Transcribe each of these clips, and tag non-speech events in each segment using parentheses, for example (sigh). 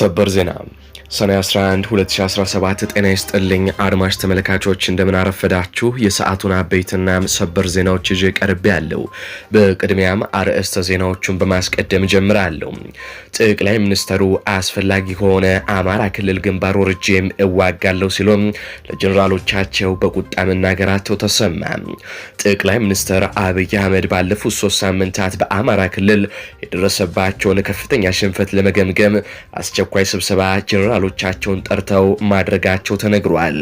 ሰበር ዜና ሰኔ 11 2017። ጤና ይስጥልኝ አድማጭ ተመልካቾች፣ እንደምን አረፈዳችሁ። የሰዓቱን አበይትና ሰበር ዜናዎች ይዤ ቀርቤ ያለው። በቅድሚያም አርዕስተ ዜናዎቹን በማስቀደም ጀምራለሁ። ጠቅላይ ሚኒስተሩ አስፈላጊ ከሆነ አማራ ክልል ግንባር ወርጄም እዋጋለሁ ሲሉም ለጀኔራሎቻቸው በቁጣ መናገራቸው ተሰማ። ጠቅላይ ሚኒስተር አብይ አህመድ ባለፉት ሶስት ሳምንታት በአማራ ክልል የደረሰባቸውን ከፍተኛ ሽንፈት ለመገምገም አስቸ አስቸኳይ ስብሰባ ጀኔራሎቻቸውን ጠርተው ማድረጋቸው ተነግሯል።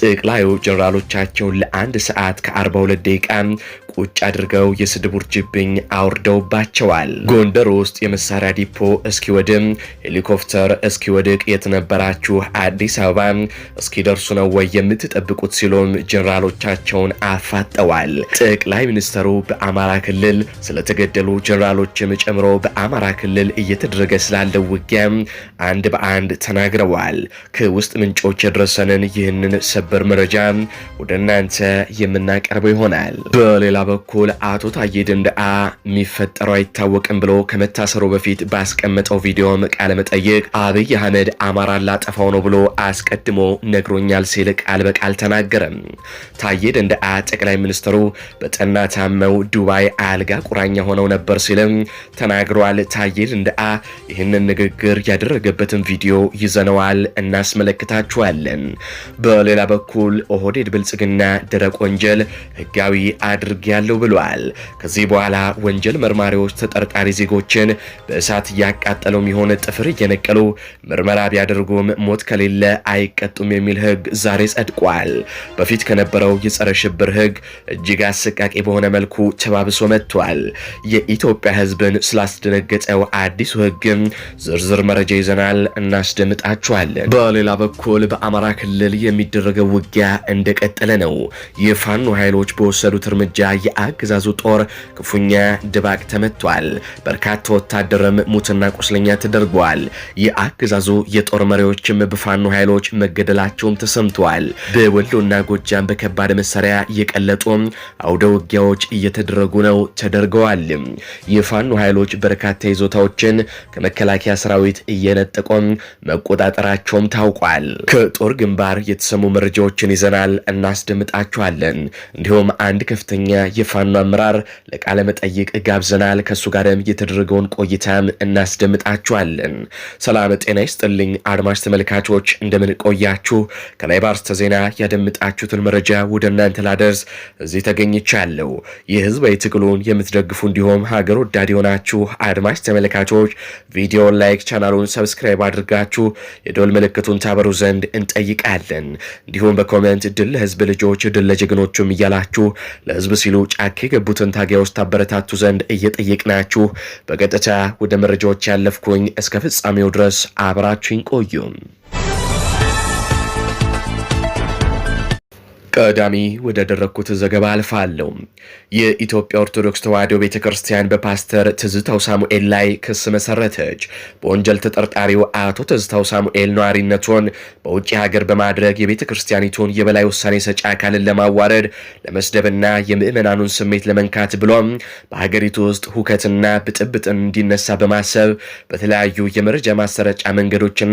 ጠቅላዩ ጀኔራሎቻቸውን ለአንድ ሰዓት ከ42 ደቂቃ ቁጭ አድርገው የስድብ ውርጅብኝ አውርደውባቸዋል። ጎንደር ውስጥ የመሳሪያ ዲፖ እስኪወድም ሄሊኮፕተር እስኪወድቅ የተነበራችሁ አዲስ አበባ እስኪደርሱ ነው ወይ የምትጠብቁት? ሲሉም ጀኔራሎቻቸውን አፋጠዋል። ጠቅላይ ሚኒስተሩ በአማራ ክልል ስለተገደሉ ጀኔራሎችም ጨምሮ በአማራ ክልል እየተደረገ ስላለው ውጊያ አንድ በአንድ ተናግረዋል። ከውስጥ ምንጮች የደረሰንን ይህንን ሰበር መረጃ ወደ እናንተ የምናቀርበው ይሆናል። በሌላ በኩል አቶ ታዬ ደንደአ የሚፈጠረው አይታወቅም ብሎ ከመታሰሩ በፊት ባስቀመጠው ቪዲዮም ቃለ መጠየቅ አብይ አህመድ አማራን ላጠፋው ነው ብሎ አስቀድሞ ነግሮኛል ሲል ቃል በቃል ተናገረም። ታዬ ደንደአ ጠቅላይ ሚኒስትሩ በጠና ታመው ዱባይ አልጋ ቁራኛ ሆነው ነበር ሲልም ተናግሯል። ታዬ ደንደአ ይህንን ንግግር ያደረገበትን ቪዲዮ ይዘነዋል፣ እናስመለክታችኋለን። በሌላ በኩል ኦህዴድ ብልጽግና ደረቅ ወንጀል ህጋዊ አድርጌ አድርጌያለሁ ብሏል። ከዚህ በኋላ ወንጀል መርማሪዎች ተጠርጣሪ ዜጎችን በእሳት እያቃጠለው የሆነ ጥፍር እየነቀሉ ምርመራ ቢያደርጉም ሞት ከሌለ አይቀጡም የሚል ህግ ዛሬ ጸድቋል። በፊት ከነበረው የጸረ ሽብር ህግ እጅግ አሰቃቂ በሆነ መልኩ ተባብሶ መጥቷል። የኢትዮጵያ ሕዝብን ስላስደነገጠው አዲሱ ህግም ዝርዝር መረጃ ይዘናል፣ እናስደምጣችኋለን። በሌላ በኩል በአማራ ክልል የሚደረገው ውጊያ እንደቀጠለ ነው። የፋኖ ኃይሎች በወሰዱት እርምጃ የአገዛዙ ጦር ክፉኛ ድባቅ ተመቷል። በርካታ ወታደርም ሙትና ቁስለኛ ተደርጓል። የአገዛዙ የጦር መሪዎችም በፋኖ ኃይሎች መገደላቸውም ተሰምተዋል። በወሎና ጎጃም በከባድ መሳሪያ የቀለጡ አውደ ውጊያዎች እየተደረጉ ነው ተደርገዋል። የፋኖ ኃይሎች በርካታ ይዞታዎችን ከመከላከያ ሰራዊት እየነጠቆም መቆጣጠራቸውም ታውቋል። ከጦር ግንባር የተሰሙ መረጃዎችን ይዘናል፣ እናስደምጣቸዋለን። እንዲሁም አንድ ከፍተኛ የፋኖ አመራር ለቃለ መጠይቅ ጋብዘናል። ከእሱ ጋርም የተደረገውን ቆይታም እናስደምጣችኋለን። ሰላም ጤና ይስጥልኝ አድማጭ ተመልካቾች፣ እንደምን ቆያችሁ? ከላይ ባርስተ ዜና ያደምጣችሁትን መረጃ ወደ እናንተ ላደርስ እዚህ ተገኝቻለሁ። ይህ ህዝባዊ ትግሉን የምትደግፉ እንዲሁም ሀገር ወዳድ የሆናችሁ አድማጭ ተመልካቾች ቪዲዮን ላይክ፣ ቻናሉን ሰብስክራይብ አድርጋችሁ የዶል ምልክቱን ታበሩ ዘንድ እንጠይቃለን። እንዲሁም በኮመንት ድል ለህዝብ ልጆች፣ ድል ለጀግኖቹም እያላችሁ ለህዝብ ሲሉ ጫካ የገቡትን ታጋዮች ታበረታቱ ዘንድ እየጠየቅናችሁ በቀጥታ ወደ መረጃዎች ያለፍኩኝ፣ እስከ ፍጻሜው ድረስ አብራችሁኝ ቆዩ። ቀዳሚ ወዳደረግኩት ዘገባ አልፋለሁ። የኢትዮጵያ ኦርቶዶክስ ተዋሕዶ ቤተ ክርስቲያን በፓስተር ትዝታው ሳሙኤል ላይ ክስ መሰረተች። በወንጀል ተጠርጣሪው አቶ ትዝታው ሳሙኤል ነዋሪነቱን በውጭ ሀገር በማድረግ የቤተ ክርስቲያኒቱን የበላይ ውሳኔ ሰጪ አካልን ለማዋረድ ለመስደብና የምዕመናኑን ስሜት ለመንካት ብሎም በሀገሪቱ ውስጥ ሁከትና ብጥብጥ እንዲነሳ በማሰብ በተለያዩ የመረጃ ማሰረጫ መንገዶችና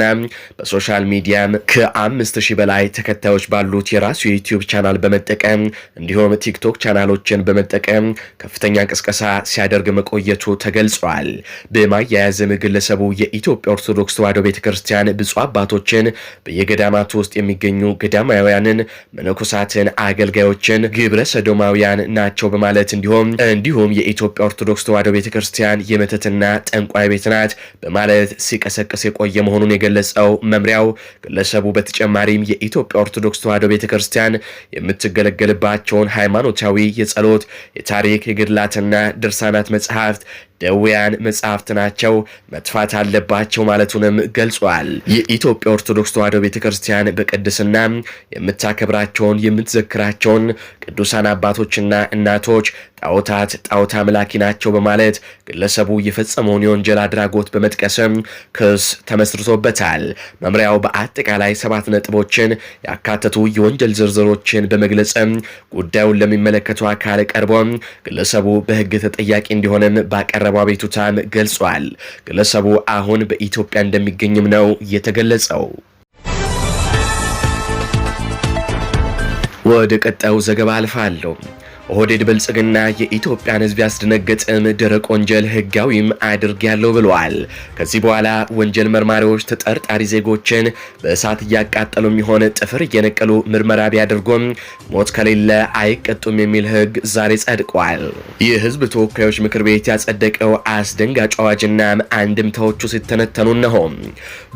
በሶሻል ሚዲያም ከአምስት ሺህ በላይ ተከታዮች ባሉት የራሱ የዩቲዩብ ቻናል በመጠቀም እንዲሁም ቲክቶክ ቻናሎችን በመጠቀም ከፍተኛ ቅስቀሳ ሲያደርግ መቆየቱ ተገልጿል። በማያያዝም ግለሰቡ የኢትዮጵያ ኦርቶዶክስ ተዋሕዶ ቤተ ክርስቲያን ብፁዕ አባቶችን በየገዳማቱ ውስጥ የሚገኙ ገዳማውያንን፣ መነኮሳትን፣ አገልጋዮችን ግብረ ሰዶማውያን ናቸው በማለት እንዲሁም እንዲሁም የኢትዮጵያ ኦርቶዶክስ ተዋሕዶ ቤተ ክርስቲያን የመተትና ጠንቋይ ቤት ናት በማለት ሲቀሰቅስ የቆየ መሆኑን የገለጸው መምሪያው ግለሰቡ በተጨማሪም የኢትዮጵያ ኦርቶዶክስ ተዋሕዶ ቤተ ክርስቲያን የምትገለገልባቸውን ሃይማኖታዊ የጸሎት፣ የታሪክ፣ የገድላትና ድርሳናት መጽሐፍት ደውያን መጽሐፍት ናቸው መጥፋት አለባቸው ማለቱንም ገልጿል። የኢትዮጵያ ኦርቶዶክስ ተዋሕዶ ቤተ ክርስቲያን በቅድስና የምታከብራቸውን የምትዘክራቸውን ቅዱሳን አባቶችና እናቶች ጣዖታት ጣዖታ አምላኪ ናቸው በማለት ግለሰቡ የፈጸመውን የወንጀል አድራጎት በመጥቀስም ክስ ተመስርቶበታል። መምሪያው በአጠቃላይ ሰባት ነጥቦችን ያካተቱ የወንጀል ዝርዝሮችን በመግለጽም ጉዳዩን ለሚመለከቱ አካል ቀርቦም ግለሰቡ በሕግ ተጠያቂ እንዲሆንም ባቀረ ማቅረቡ አቤቱታን ገልጿል። ግለሰቡ አሁን በኢትዮጵያ እንደሚገኝም ነው የተገለጸው። ወደ ቀጣዩ ዘገባ አልፋለሁ። ኦህዴድ ብልጽግና የኢትዮጵያን ህዝብ ያስደነገጠም ደረቅ ወንጀል ህጋዊም ያለው ብለዋል። ከዚህ በኋላ ወንጀል መርማሪዎች ተጠርጣሪ ዜጎችን በእሳት እያቃጠሉ ይሆን ጥፍር እየነቀሉ ምርመራ ቢያደርጉም ሞት ከሌለ አይቀጡም የሚል ህግ ዛሬ ጸድቋል። የህዝብ ተወካዮች ምክር ቤት ያጸደቀው አስደንጋጭ አዋጅና አንድምታዎቹ ሲተነተኑ ነው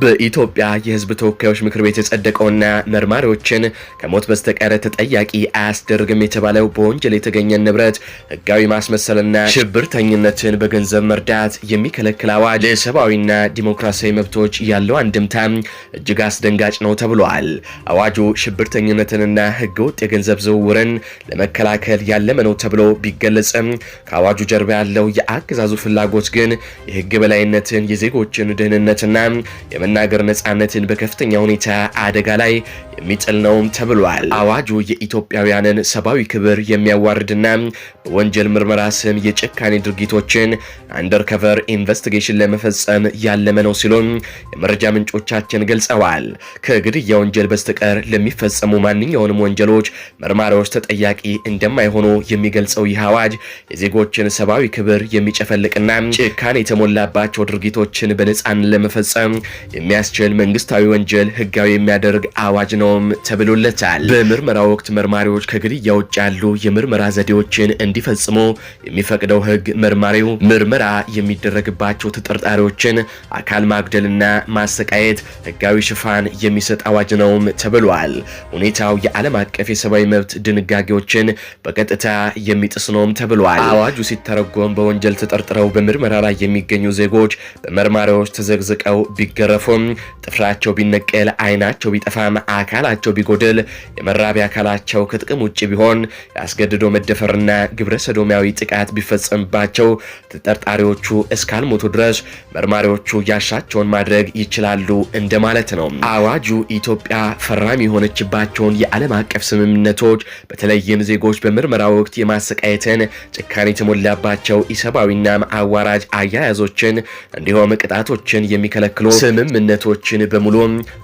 በኢትዮጵያ የህዝብ ተወካዮች ምክር ቤት የጸደቀውና መርማሪዎችን ከሞት በስተቀር ተጠያቂ አያስደርግም የተባለው በወንጀል የተገኘን ንብረት ህጋዊ ማስመሰልና ሽብርተኝነትን በገንዘብ መርዳት የሚከለክል አዋጅ ለሰብአዊና ዲሞክራሲያዊ መብቶች ያለው አንድምታ እጅግ አስደንጋጭ ነው ተብሏል። አዋጁ ሽብርተኝነትንና ህገወጥ የገንዘብ ዝውውርን ለመከላከል ያለመ ነው ተብሎ ቢገለጽም ከአዋጁ ጀርባ ያለው የአገዛዙ ፍላጎት ግን የህግ በላይነትን፣ የዜጎችን ደህንነትና የመናገር ነፃነትን በከፍተኛ ሁኔታ አደጋ ላይ የሚጥል ነውም ተብሏል። አዋጁ የኢትዮጵያውያንን ሰብአዊ ክብር የሚያዋ የሚያዋርድና በወንጀል ምርመራ ስም የጭካኔ ድርጊቶችን አንደርከቨር ኢንቨስቲጌሽን ለመፈጸም ያለመ ነው ሲሉም የመረጃ ምንጮቻችን ገልጸዋል። ከግድያ ወንጀል በስተቀር ለሚፈጸሙ ማንኛውንም ወንጀሎች መርማሪዎች ተጠያቂ እንደማይሆኑ የሚገልጸው ይህ አዋጅ የዜጎችን ሰብአዊ ክብር የሚጨፈልቅና ጭካኔ የተሞላባቸው ድርጊቶችን በነፃን ለመፈጸም የሚያስችል መንግስታዊ ወንጀል ህጋዊ የሚያደርግ አዋጅ ነውም ተብሎለታል። በምርመራ ወቅት መርማሪዎች ከግድያ ውጭ ያሉ የምርመራ የምርመራ ዘዴዎችን እንዲፈጽሙ የሚፈቅደው ሕግ መርማሪው ምርመራ የሚደረግባቸው ተጠርጣሪዎችን አካል ማጉደልና ማሰቃየት ህጋዊ ሽፋን የሚሰጥ አዋጅ ነውም ተብሏል። ሁኔታው የዓለም አቀፍ የሰብአዊ መብት ድንጋጌዎችን በቀጥታ የሚጥስ ነውም ተብሏል። አዋጁ ሲተረጎም በወንጀል ተጠርጥረው በምርመራ ላይ የሚገኙ ዜጎች በመርማሪዎች ተዘግዝቀው ቢገረፉም፣ ጥፍራቸው ቢነቀል፣ አይናቸው ቢጠፋም፣ አካላቸው ቢጎድል፣ የመራቢያ አካላቸው ከጥቅም ውጭ ቢሆን፣ ያስገድዶ መደፈርና ግብረ ሰዶሚያዊ ጥቃት ቢፈጸምባቸው ተጠርጣሪዎቹ እስካልሞቱ ድረስ መርማሪዎቹ ያሻቸውን ማድረግ ይችላሉ እንደማለት ነው። አዋጁ ኢትዮጵያ ፈራሚ የሆነችባቸውን የዓለም አቀፍ ስምምነቶች በተለይም ዜጎች በምርመራ ወቅት የማሰቃየትን ጭካኔ የተሞላባቸው ኢሰብአዊና አዋራጅ አያያዞችን እንዲሁም ቅጣቶችን የሚከለክሉ ስምምነቶችን በሙሉ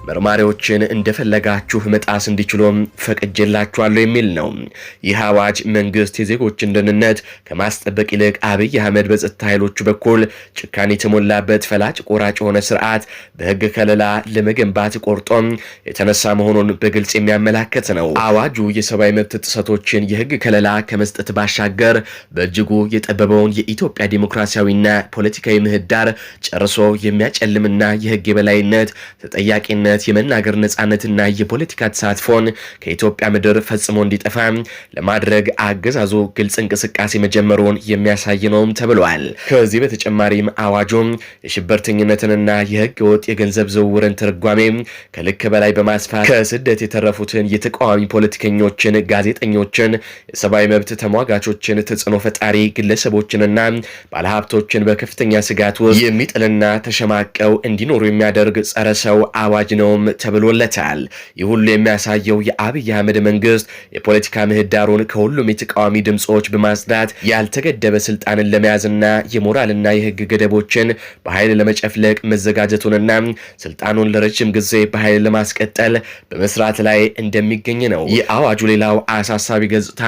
መርማሪዎችን እንደፈለጋችሁ መጣስ እንዲችሉም ፈቅጄላችኋለሁ የሚል ነው። ይህ አዋጅ መንግስት የዜጎችን ደህንነት ከማስጠበቅ ይልቅ አብይ አህመድ በጸጥታ ኃይሎቹ በኩል ጭካኔ የተሞላበት ፈላጭ ቆራጭ የሆነ ስርዓት በህግ ከለላ ለመገንባት ቆርጦም የተነሳ መሆኑን በግልጽ የሚያመላከት ነው። አዋጁ የሰብአዊ መብት ጥሰቶችን የህግ ከለላ ከመስጠት ባሻገር በእጅጉ የጠበበውን የኢትዮጵያ ዲሞክራሲያዊና ፖለቲካዊ ምህዳር ጨርሶ የሚያጨልምና የህግ የበላይነት፣ ተጠያቂነት፣ የመናገር ነጻነትና የፖለቲካ ተሳትፎን ከኢትዮጵያ ምድር ፈጽሞ እንዲጠፋ ለማድረግ አገዛዙ ግልጽ እንቅስቃሴ መጀመሩን የሚያሳይ ነውም ተብሏል። ከዚህ በተጨማሪም አዋጁም የሽብርተኝነትንና የህገ ወጥ የገንዘብ ዝውውርን ትርጓሜ ከልክ በላይ በማስፋት ከስደት የተረፉትን የተቃዋሚ ፖለቲከኞችን፣ ጋዜጠኞችን፣ የሰብአዊ መብት ተሟጋቾችን፣ ተጽዕኖ ፈጣሪ ግለሰቦችንና ባለሀብቶችን በከፍተኛ ስጋት ውስጥ የሚጥልና ተሸማቀው እንዲኖሩ የሚያደርግ ጸረ ሰው አዋጅ ነውም ተብሎለታል። ይህ ሁሉ የሚያሳየው የአብይ አህመድ መንግስት የፖለቲካ ምህዳሩን ከሁሉም ሁሉንም የተቃዋሚ ድምፆች በማጽዳት ያልተገደበ ስልጣንን ለመያዝና የሞራልና የህግ ገደቦችን በኃይል ለመጨፍለቅ መዘጋጀቱንና ስልጣኑን ለረጅም ጊዜ በኃይል ለማስቀጠል በመስራት ላይ እንደሚገኝ ነው። የአዋጁ ሌላው አሳሳቢ ገጽታ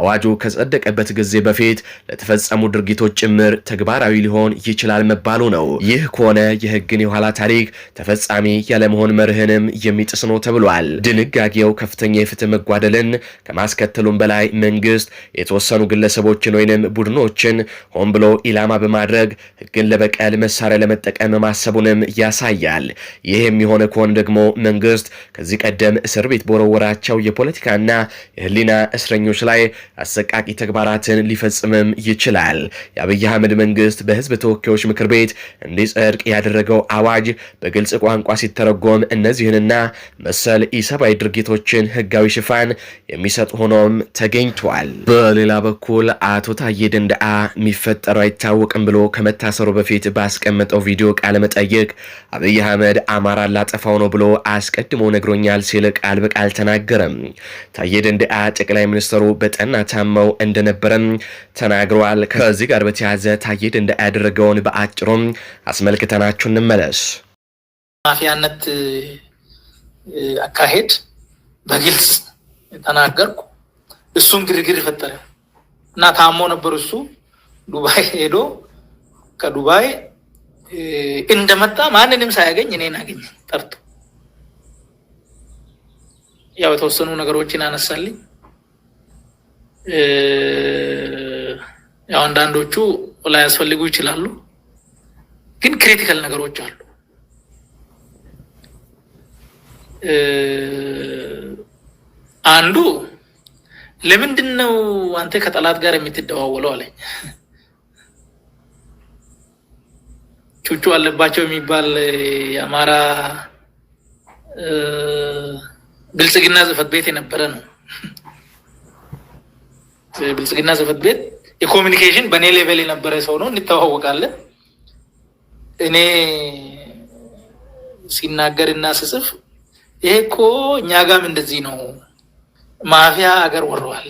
አዋጁ ከጸደቀበት ጊዜ በፊት ለተፈጸሙ ድርጊቶች ጭምር ተግባራዊ ሊሆን ይችላል መባሉ ነው። ይህ ከሆነ የህግን የኋላ ታሪክ ተፈጻሚ ያለመሆን መርህንም የሚጥስ ነው ተብሏል። ድንጋጌው ከፍተኛ የፍትህ መጓደልን ከማስከተሉም በላይ መንግስት የተወሰኑ ግለሰቦችን ወይንም ቡድኖችን ሆን ብሎ ኢላማ በማድረግ ህግን ለበቀል መሳሪያ ለመጠቀም ማሰቡንም ያሳያል። ይህ የሚሆነ ከሆነ ደግሞ መንግስት ከዚህ ቀደም እስር ቤት በወረወራቸው የፖለቲካና የህሊና እስረኞች ላይ አሰቃቂ ተግባራትን ሊፈጽምም ይችላል። የአብይ አህመድ መንግስት በህዝብ ተወካዮች ምክር ቤት እንዲጸድቅ ያደረገው አዋጅ በግልጽ ቋንቋ ሲተረጎም እነዚህንና መሰል ኢሰብአዊ ድርጊቶችን ህጋዊ ሽፋን የሚሰጥ ሆኖም ተገኝቷል። ተሰምቷል። በሌላ በኩል አቶ ታዬ ደንደአ የሚፈጠረው አይታወቅም ብሎ ከመታሰሩ በፊት ባስቀመጠው ቪዲዮ ቃለመጠይቅ አብይ አህመድ አማራ ላጠፋው ነው ብሎ አስቀድሞ ነግሮኛል ሲል ቃል በቃል ተናገረም። ታዬ ደንደአ ጠቅላይ ሚኒስትሩ በጠና ታመው እንደነበረም ተናግረዋል። ከዚህ ጋር በተያያዘ ታዬ ደንደአ ያደረገውን በአጭሩም አስመልክተናችሁ እንመለስ። ማፊያነት አካሄድ በግልጽ ተናገርኩ። እሱን ግርግር ፈጠረ እና ታሞ ነበር። እሱ ዱባይ ሄዶ ከዱባይ እንደመጣ ማንንም ሳያገኝ እኔን አገኝ ጠርቶ ያው የተወሰኑ ነገሮችን አነሳልኝ። ያው አንዳንዶቹ ላያስፈልጉ ይችላሉ፣ ግን ክሪቲካል ነገሮች አሉ። አንዱ ለምንድን ነው አንተ ከጠላት ጋር የምትደዋወለው? አለኝ። ቹቹ አለባቸው የሚባል የአማራ ብልጽግና ጽህፈት ቤት የነበረ ነው። ብልጽግና ጽህፈት ቤት የኮሚኒኬሽን በእኔ ሌቨል የነበረ ሰው ነው። እንተዋወቃለን። እኔ ሲናገር እና ስጽፍ ይሄ እኮ እኛ ጋም እንደዚህ ነው ማፊያ አገር ወረዋል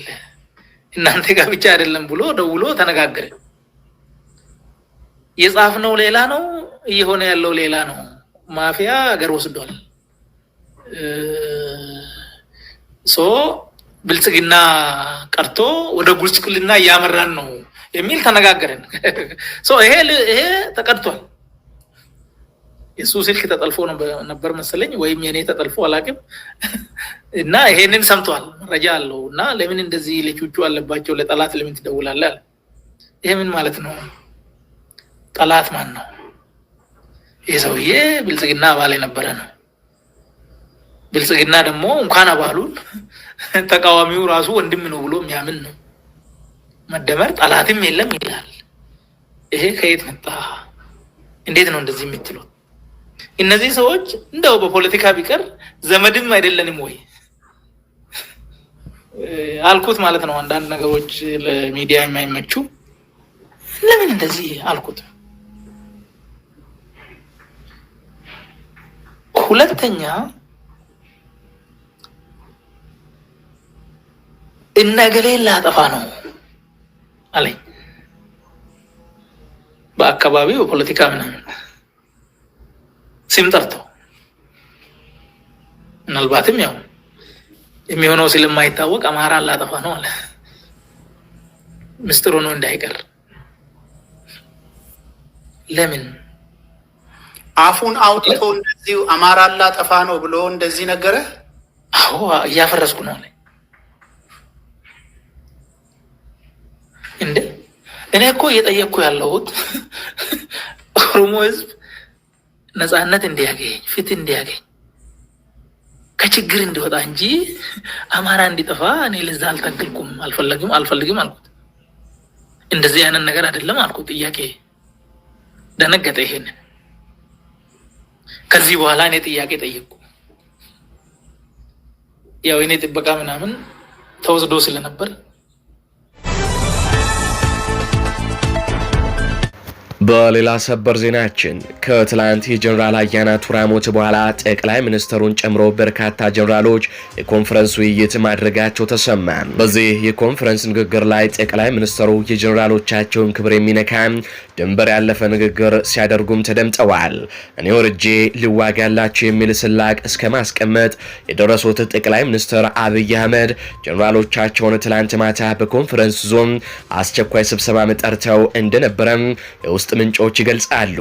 እናንተ ጋር ብቻ አይደለም ብሎ ደውሎ ተነጋገረ። የጻፍነው ሌላ ነው፣ እየሆነ ያለው ሌላ ነው። ማፊያ አገር ወስዷል። ሶ ብልጽግና ቀርቶ ወደ ጉልጽቅልና እያመራን ነው የሚል ተነጋገረን። ይሄ ተቀድቷል። የእሱ ስልክ ተጠልፎ ነበር መሰለኝ ወይም የኔ ተጠልፎ አላቅም። (laughs) እና ይሄንን ሰምቷል፣ መረጃ አለው። እና ለምን እንደዚህ ልጆቹ አለባቸው ለጠላት ለምን ትደውላለ? አለ። ይሄ ምን ማለት ነው? ጠላት ማን ነው? ይህ ሰውዬ ብልጽግና አባል የነበረ ነው። ብልጽግና ደግሞ እንኳን አባሉን (laughs) ተቃዋሚው ራሱ ወንድም ነው ብሎ የሚያምን ነው። መደመር ጠላትም የለም ይላል። ይሄ ከየት መጣ? እንዴት ነው እንደዚህ የምትሉት? እነዚህ ሰዎች እንደው በፖለቲካ ቢቀር ዘመድም አይደለንም ወይ (laughs) አልኩት ማለት ነው። አንዳንድ ነገሮች ለሚዲያ የማይመቹ ለምን እንደዚህ አልኩት። ሁለተኛ እነ ገሌን ላጠፋ ነው አለኝ። በአካባቢው በፖለቲካ ምናምን ስም ጠርተው ምናልባትም ያው የሚሆነው ስለማይታወቅ አማራ አላጠፋ ነው አለ። ምስጢሩ ነው እንዳይቀር። ለምን አፉን አውጥቶ እንደዚሁ አማራ አላጠፋ ነው ብሎ እንደዚህ ነገረ? አዎ እያፈረስኩ ነው አለ። እንደ እኔ እኮ እየጠየቅኩ ያለሁት ኦሮሞ ህዝብ ነጻነት እንዲያገኝ ፍትህ እንዲያገኝ ከችግር እንዲወጣ እንጂ አማራ እንዲጠፋ እኔ ለዛ አልታገልኩም፣ አልፈለግም አልፈልግም አልኩት። እንደዚህ አይነት ነገር አይደለም አልኩት። ጥያቄ ደነገጠ። ይሄን ከዚህ በኋላ እኔ ጥያቄ ጠየቅኩ። ያው እኔ ጥበቃ ምናምን ተወስዶ ስለነበር በሌላ ሰበር ዜናችን ከትላንት የጀኔራል አያና ቱራ ሞት በኋላ ጠቅላይ ሚኒስትሩን ጨምሮ በርካታ ጀኔራሎች የኮንፈረንስ ውይይት ማድረጋቸው ተሰማ። በዚህ የኮንፈረንስ ንግግር ላይ ጠቅላይ ሚኒስትሩ የጀኔራሎቻቸውን ክብር የሚነካ ድንበር ያለፈ ንግግር ሲያደርጉም ተደምጠዋል። እኔ ወርጄ ልዋጋላቸው የሚል ስላቅ እስከ ማስቀመጥ የደረሱት ጠቅላይ ሚኒስትር አብይ አህመድ ጀኔራሎቻቸውን ትላንት ማታ በኮንፈረንስ ዞን አስቸኳይ ስብሰባ መጠርተው እንደነበረም የውስጥ ምንጮች ይገልጻሉ።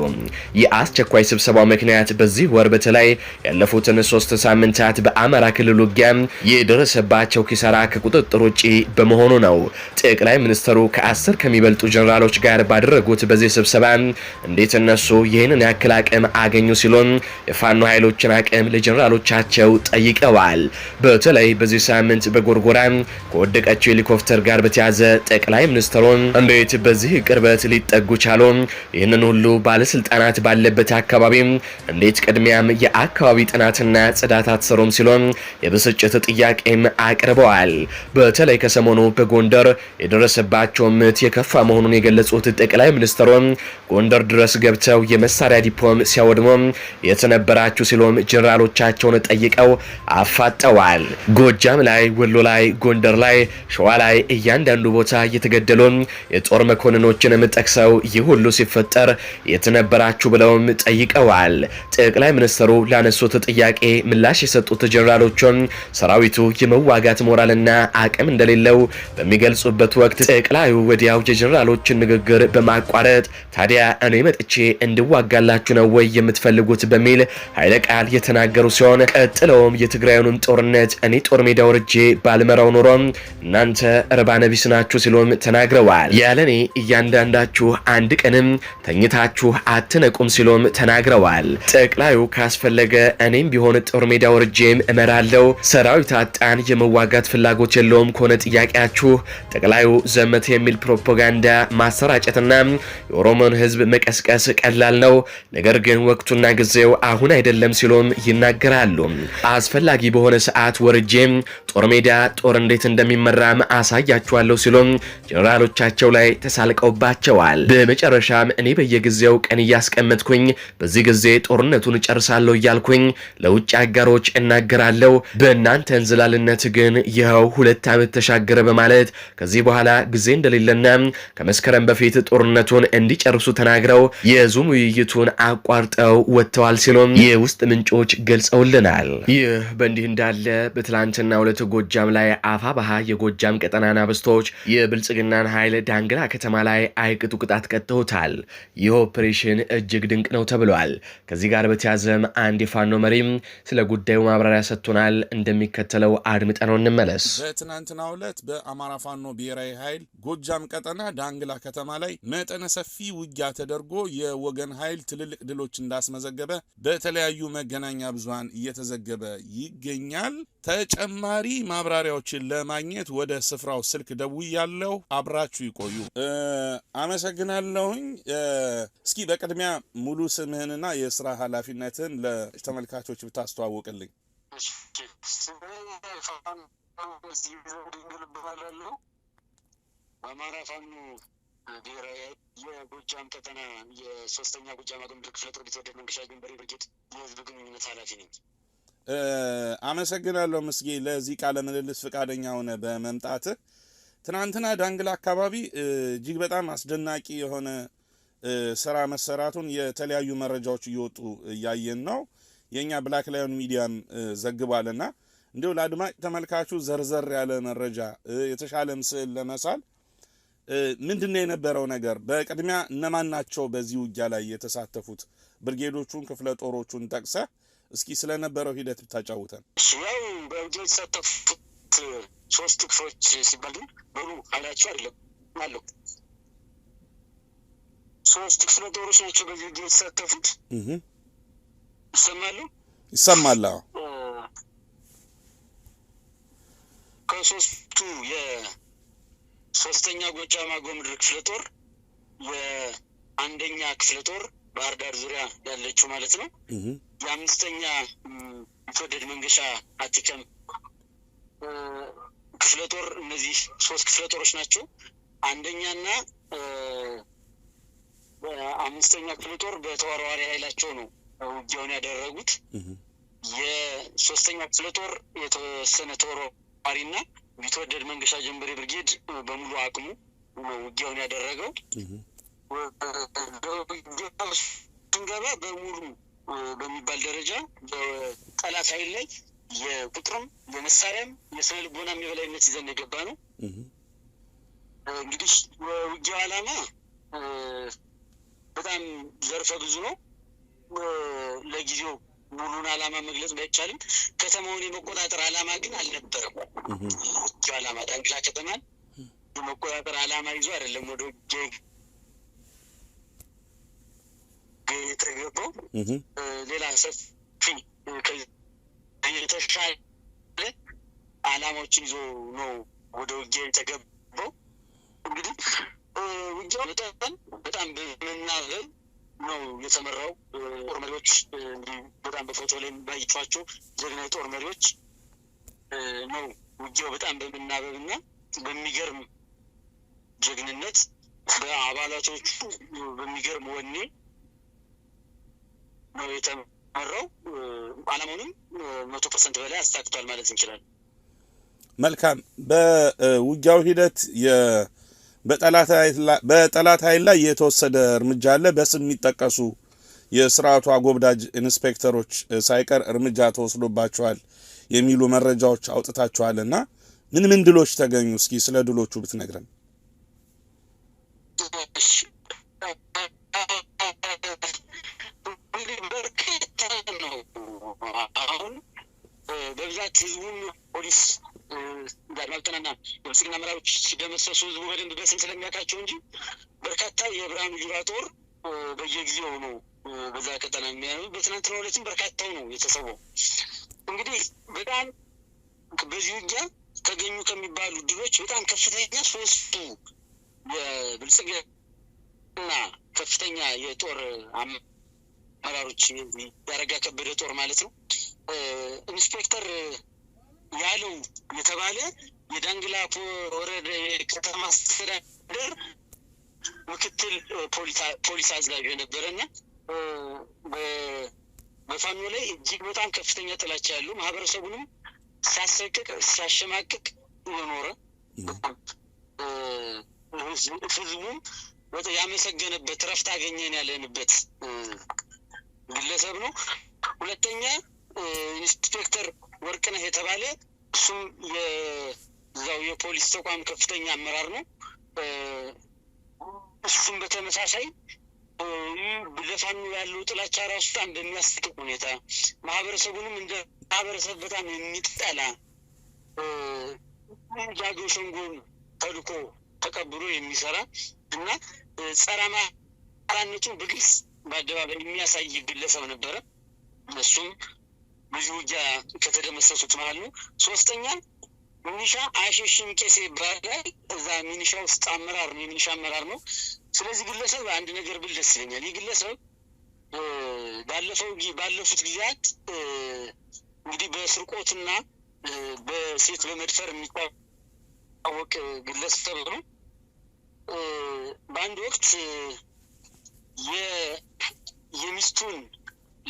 የአስቸኳይ ስብሰባው ምክንያት በዚህ ወር በተለይ ያለፉትን ሶስት ሳምንታት በአማራ ክልል ውጊያ የደረሰባቸው ኪሳራ ከቁጥጥር ውጪ በመሆኑ ነው። ጠቅላይ ሚኒስትሩ ከአስር ከሚበልጡ ጀኔራሎች ጋር ባደረጉት በዚህ ስብሰባ እንዴት እነሱ ይህንን ያክል አቅም አገኙ ሲሉን የፋኖ ኃይሎችን አቅም ለጀኔራሎቻቸው ጠይቀዋል። በተለይ በዚህ ሳምንት በጎርጎራ ከወደቀችው ሄሊኮፕተር ጋር በተያዘ ጠቅላይ ሚኒስትሩን እንዴት በዚህ ቅርበት ሊጠጉ ቻሉ? ይህንን ሁሉ ባለስልጣናት ባለበት አካባቢም እንዴት ቅድሚያም የአካባቢ ጥናትና ጽዳት አትሰሩም ሲሉም የብስጭት ጥያቄም አቅርበዋል። በተለይ ከሰሞኑ በጎንደር የደረሰባቸው ምት የከፋ መሆኑን የገለጹት ጠቅላይ ሚኒስትሩ ጎንደር ድረስ ገብተው የመሳሪያ ዲፖም ሲያወድሙ የተነበራችሁ ሲሉም ጀነራሎቻቸውን ጠይቀው አፋጠዋል። ጎጃም ላይ፣ ወሎ ላይ፣ ጎንደር ላይ፣ ሸዋ ላይ እያንዳንዱ ቦታ እየተገደሉ የጦር መኮንኖችንም ጠቅሰው ይህ ሁሉ ሲፈጠር የት ነበራችሁ ብለውም ጠይቀዋል። ጠቅላይ ሚኒስትሩ ላነሱት ጥያቄ ምላሽ የሰጡት ጀኔራሎቹም ሰራዊቱ የመዋጋት ሞራልና አቅም እንደሌለው በሚገልጹበት ወቅት ጠቅላዩ ወዲያው የጀኔራሎችን ንግግር በማቋረጥ ታዲያ እኔ መጥቼ እንድዋጋላችሁ ነው ወይ የምትፈልጉት በሚል ኃይለ ቃል የተናገሩ ሲሆን ቀጥለውም የትግራዩንም ጦርነት እኔ ጦር ሜዳ ወርጄ ባልመራው ኖሮም እናንተ እርባነቢስ ናችሁ ሲሉም ተናግረዋል። ያለኔ እያንዳንዳችሁ አንድ ቀንም ተኝታችሁ አትነቁም ሲሉም ተናግረዋል። ጠቅላዩ ካስፈለገ እኔም ቢሆን ጦር ሜዳ ወርጄም እመራለው። ሰራዊት አጣን የመዋጋት ፍላጎት የለውም ከሆነ ጥያቄያችሁ ጠቅላዩ ዘመት የሚል ፕሮፓጋንዳ ማሰራጨትና የኦሮሞን ህዝብ መቀስቀስ ቀላል ነው። ነገር ግን ወቅቱና ጊዜው አሁን አይደለም ሲሉም ይናገራሉ። አስፈላጊ በሆነ ሰዓት ወርጄም ጦር ሜዳ ጦር እንዴት እንደሚመራም አሳያችኋለሁ ሲሉም ጀኔራሎቻቸው ላይ ተሳልቀውባቸዋል። በመጨረሻም እኔ በየጊዜው ቀን እያስቀመጥኩኝ በዚህ ጊዜ ጦርነቱን እጨርሳለሁ እያልኩኝ ለውጭ አጋሮች እናገራለሁ። በእናንተ እንዝላልነት ግን ይኸው ሁለት ዓመት ተሻገረ በማለት ከዚህ በኋላ ጊዜ እንደሌለና ከመስከረም በፊት ጦርነቱን እንዲጨርሱ ተናግረው የዙም ውይይቱን አቋርጠው ወጥተዋል ሲሉም የውስጥ ምንጮች ገልጸውልናል። ይህ በእንዲህ እንዳለ በትላንትና ሁለት ጎጃም ላይ አፋባሃ የጎጃም ቀጠና ብስቶች የብልጽግናን ኃይል ዳንግላ ከተማ ላይ አይቅጡ ቅጣት ቀጥተውታል። ይህ ኦፕሬሽን እጅግ ድንቅ ነው ተብሏል። ከዚህ ጋር በተያዘም አንድ የፋኖ መሪም ስለ ጉዳዩ ማብራሪያ ሰጥቶናል። እንደሚከተለው አድምጠነው እንመለስ። በትናንትናው ዕለት በአማራ ፋኖ ብሔራዊ ኃይል ጎጃም ቀጠና ዳንግላ ከተማ ላይ መጠነ ሰፊ ውጊያ ተደርጎ የወገን ኃይል ትልልቅ ድሎች እንዳስመዘገበ በተለያዩ መገናኛ ብዙሃን እየተዘገበ ይገኛል። ተጨማሪ ማብራሪያዎችን ለማግኘት ወደ ስፍራው ስልክ ደውያለሁ። አብራችሁ ይቆዩ። አመሰግናለሁኝ። እስኪ በቅድሚያ ሙሉ ስምህንና የስራ ኃላፊነትን ለተመልካቾች ብታስተዋውቅልኝ። በአማራ ፋኖ ብሔራዊ የጎጃም ቀጠና የሶስተኛ ጎጃም አገምድር ክፍለ ጦር ቢትወደድ መንገሻ ግንበሬ ብርጌድ የህዝብ ግንኙነት ኃላፊ ነኝ። አመሰግናለሁ ምስጌ ለዚህ ቃለ ምልልስ ፈቃደኛ ሆነ በመምጣት ትናንትና ዳንግላ አካባቢ እጅግ በጣም አስደናቂ የሆነ ስራ መሰራቱን የተለያዩ መረጃዎች እየወጡ እያየን ነው። የእኛ ብላክ ላዮን ሚዲያም ዘግቧልና እንዲሁ ለአድማጭ ተመልካቹ ዘርዘር ያለ መረጃ የተሻለም ስዕል ለመሳል ምንድን ነው የነበረው ነገር? በቅድሚያ እነማን ናቸው በዚህ ውጊያ ላይ የተሳተፉት? ብርጌዶቹን፣ ክፍለ ጦሮቹን ጠቅሰ እስኪ ስለነበረው ሂደት ብታጫውተን። ያው በውጊያ የተሳተፉት ሶስት ክፍሎች ሲባል ግን በሉ አይናቸው አይደለም አለው ሶስት ክፍለ ጦሮች ናቸው በዚህ ውጊያ የተሳተፉት። ይሰማሉ ይሰማል። ከሶስቱ የሶስተኛ ጎጃም ምድር ክፍለ ጦር የአንደኛ ክፍለ ጦር ባህር ዳር ዙሪያ ያለችው ማለት ነው። የአምስተኛ የተወደድ መንገሻ አትከም ክፍለ ጦር እነዚህ ሶስት ክፍለ ጦሮች ናቸው። አንደኛና በአምስተኛ ክፍለ ጦር በተወርዋሪ ኃይላቸው ነው ውጊያውን ያደረጉት። የሶስተኛ ክፍለ ጦር የተወሰነ ና ቢትወደድ መንገሻ ጀንበሬ ብርጌድ በሙሉ አቅሙ ነው ውጊያውን ያደረገው። ስንገባ በሙሉ በሚባል ደረጃ በጠላት ኃይል ላይ የቁጥርም የመሳሪያም የስነ ልቦና የበላይነት ይዘን የገባ ነው። እንግዲህ የውጊያው ዓላማ በጣም ዘርፈ ብዙ ነው። ለጊዜው ሙሉን አላማ መግለጽ ባይቻልም ከተማውን የመቆጣጠር አላማ ግን አልነበረም። አላማ ዳንግላ ከተማን የመቆጣጠር አላማ ይዞ አይደለም ወደ ውጌ የተገባው ሌላ ሰፊ የተሻለ አላማዎችን ይዞ ነው ወደ ውጌ የተገባው እንግዲህ ውጊያው በጣም በጣም በመናበብ ነው የተመራው። ጦር መሪዎች በጣም በፎቶ ላይ ባይቷቸው ጀግና የጦር መሪዎች ነው ውጊያው በጣም በመናበብ እና በሚገርም ጀግንነት በአባላቶቹ በሚገርም ወኔ ነው የተመራው። አላማውንም መቶ ፐርሰንት በላይ አሳክቷል ማለት እንችላለን። መልካም በውጊያው ሂደት በጠላት ኃይል ላይ የተወሰደ እርምጃ አለ። በስም የሚጠቀሱ የስርዓቱ አጎብዳጅ ኢንስፔክተሮች ሳይቀር እርምጃ ተወስዶባቸዋል የሚሉ መረጃዎች አውጥታችኋልና ምን ምን ድሎች ተገኙ? እስኪ ስለ ድሎቹ ብትነግረን። በብዛት ህዝቡም ፖሊስ ዳግማዊትና የብልጽግና አመራሮች ሲደመሰሱ ህዝቡ በደንብ በስም ስለሚያውቃቸው እንጂ በርካታ የብርሃኑ ጁላ ጦር በየጊዜው ነው በዛ ቀጠና የሚያዩ። በትናንትናው ዕለትም በርካታው ነው የተሰበው። እንግዲህ በጣም በዚህ ውጊያ ተገኙ ከሚባሉ ድሎች በጣም ከፍተኛ ሶስቱ የብልጽግና ከፍተኛ የጦር አመራሮች ያረጋ ከበደ ጦር ማለት ነው ኢንስፔክተር ያለው የተባለ የዳንግላ ወረደ የከተማ አስተዳደር ምክትል ፖሊስ አዛዥ የነበረና በፋኖ ላይ እጅግ በጣም ከፍተኛ ጥላቻ ያለው ማህበረሰቡንም ሲያሰቅቅ ሲያሸማቅቅ የኖረ ህዝቡም ያመሰገነበት ረፍት አገኘን ያለንበት ግለሰብ ነው። ሁለተኛ ኢንስፔክተር ወርቅነህ የተባለ እሱም የዛው የፖሊስ ተቋም ከፍተኛ አመራር ነው። እሱም በተመሳሳይ ለፋኖ ያለው ጥላቻ ራሱ በጣም በሚያስጥቅ ሁኔታ ማህበረሰቡንም እንደ ማህበረሰብ በጣም የሚጠላ ጃገው ሸንጎን ተልኮ ተቀብሎ የሚሰራ እና ጸራማ አራነቱን በግልጽ በአደባባይ የሚያሳይ ግለሰብ ነበረ እሱም ብዙ ውጊያ ከተደመሰሱት መሀል ነው። ሶስተኛ ሚኒሻ አሸሽን ቄሴ ይባላል። እዛ ሚኒሻ ውስጥ አመራር ነው፣ የሚኒሻ አመራር ነው። ስለዚህ ግለሰብ አንድ ነገር ብል ደስ ይለኛል። ይህ ግለሰብ ባለፈው ባለፉት ጊዜያት እንግዲህ በስርቆትና በሴት በመድፈር የሚታወቅ ግለሰብ ነው። በአንድ ወቅት የሚስቱን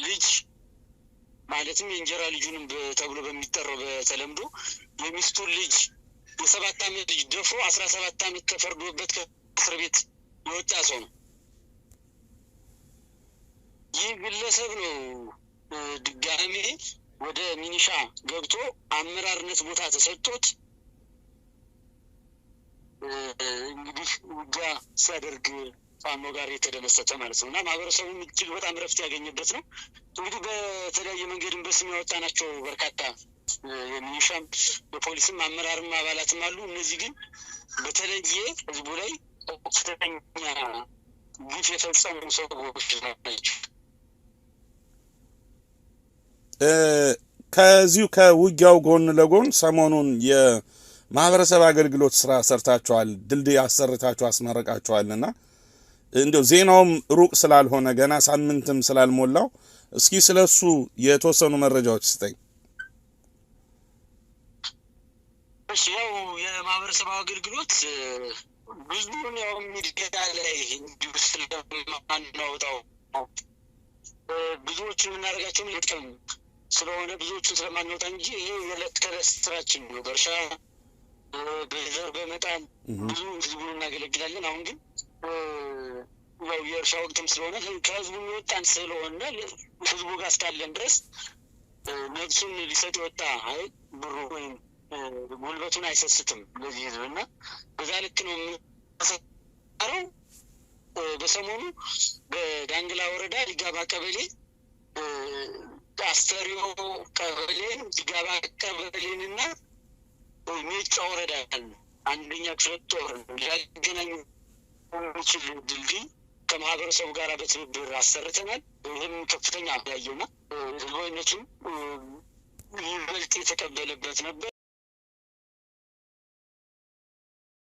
ልጅ ማለትም የእንጀራ ልጁንም ተብሎ በሚጠራው በተለምዶ የሚስቱን ልጅ የሰባት ዓመት ልጅ ደፍሮ አስራ ሰባት ዓመት ተፈርዶበት ከእስር ቤት የወጣ ሰው ነው። ይህ ግለሰብ ነው ድጋሜ ወደ ሚኒሻ ገብቶ አመራርነት ቦታ ተሰጥቶት እንግዲህ ውጊያ ሲያደርግ ፋኖ ጋር የተደመሰጠ ማለት ነው እና ማህበረሰቡ እጅግ በጣም ረፍት ያገኘበት ነው። እንግዲህ በተለያየ መንገድን በስም ናቸው በርካታ የሚኒሻም በፖሊስም አመራርም አባላትም አሉ። እነዚህ ግን በተለየ ህዝቡ ላይ ከፍተኛ ግፍ የፈጸሙ ሰዎች ናቸው። ከዚሁ ከውጊያው ጎን ለጎን ሰሞኑን የማህበረሰብ አገልግሎት ስራ ሰርታችኋል፣ ድልድይ አሰርታችሁ አስመረቃችኋልና እንዲያው ዜናውም ሩቅ ስላልሆነ ገና ሳምንትም ስላልሞላው እስኪ ስለ እሱ የተወሰኑ መረጃዎች ስጠኝ። እሺ፣ ያው የማህበረሰብ አገልግሎት ብዙውን ያው ሚዲያ ላይ እንዲሁ ስለማናወጣው ብዙዎቹ የምናደርጋቸው ጥቅም ስለሆነ ብዙዎቹን ስለማናወጣ እንጂ ይህ የዕለት ከዕለት ስራችን ነው። በእርሻ በዘር በመጣል ብዙ ህዝቡን እናገለግላለን። አሁን ግን የእርሻ ወቅትም ስለሆነ ከህዝቡ የወጣን ስለሆነ ህዝቡ ጋር እስካለን ድረስ ነፍሱን ሊሰጥ የወጣ ሀይል ብሩ ወይም ጉልበቱን አይሰስትም ለዚህ ህዝብ እና በዛ ልክ ነው የሚሰረው። በሰሞኑ በዳንግላ ወረዳ ሊጋባ ቀበሌ አስተሪዮ ቀበሌን ሊጋባ ቀበሌን እና ሜጫ ወረዳ አንደኛ ክፍለ ጦር ሊያገናኙ የሚችል ድልድይ ከማህበረሰቡ ጋር በትብብር አሰርተናል። ይህም ከፍተኛ ያየውና ህዝባዊነቱም ይበልጥ የተቀበለበት ነበር።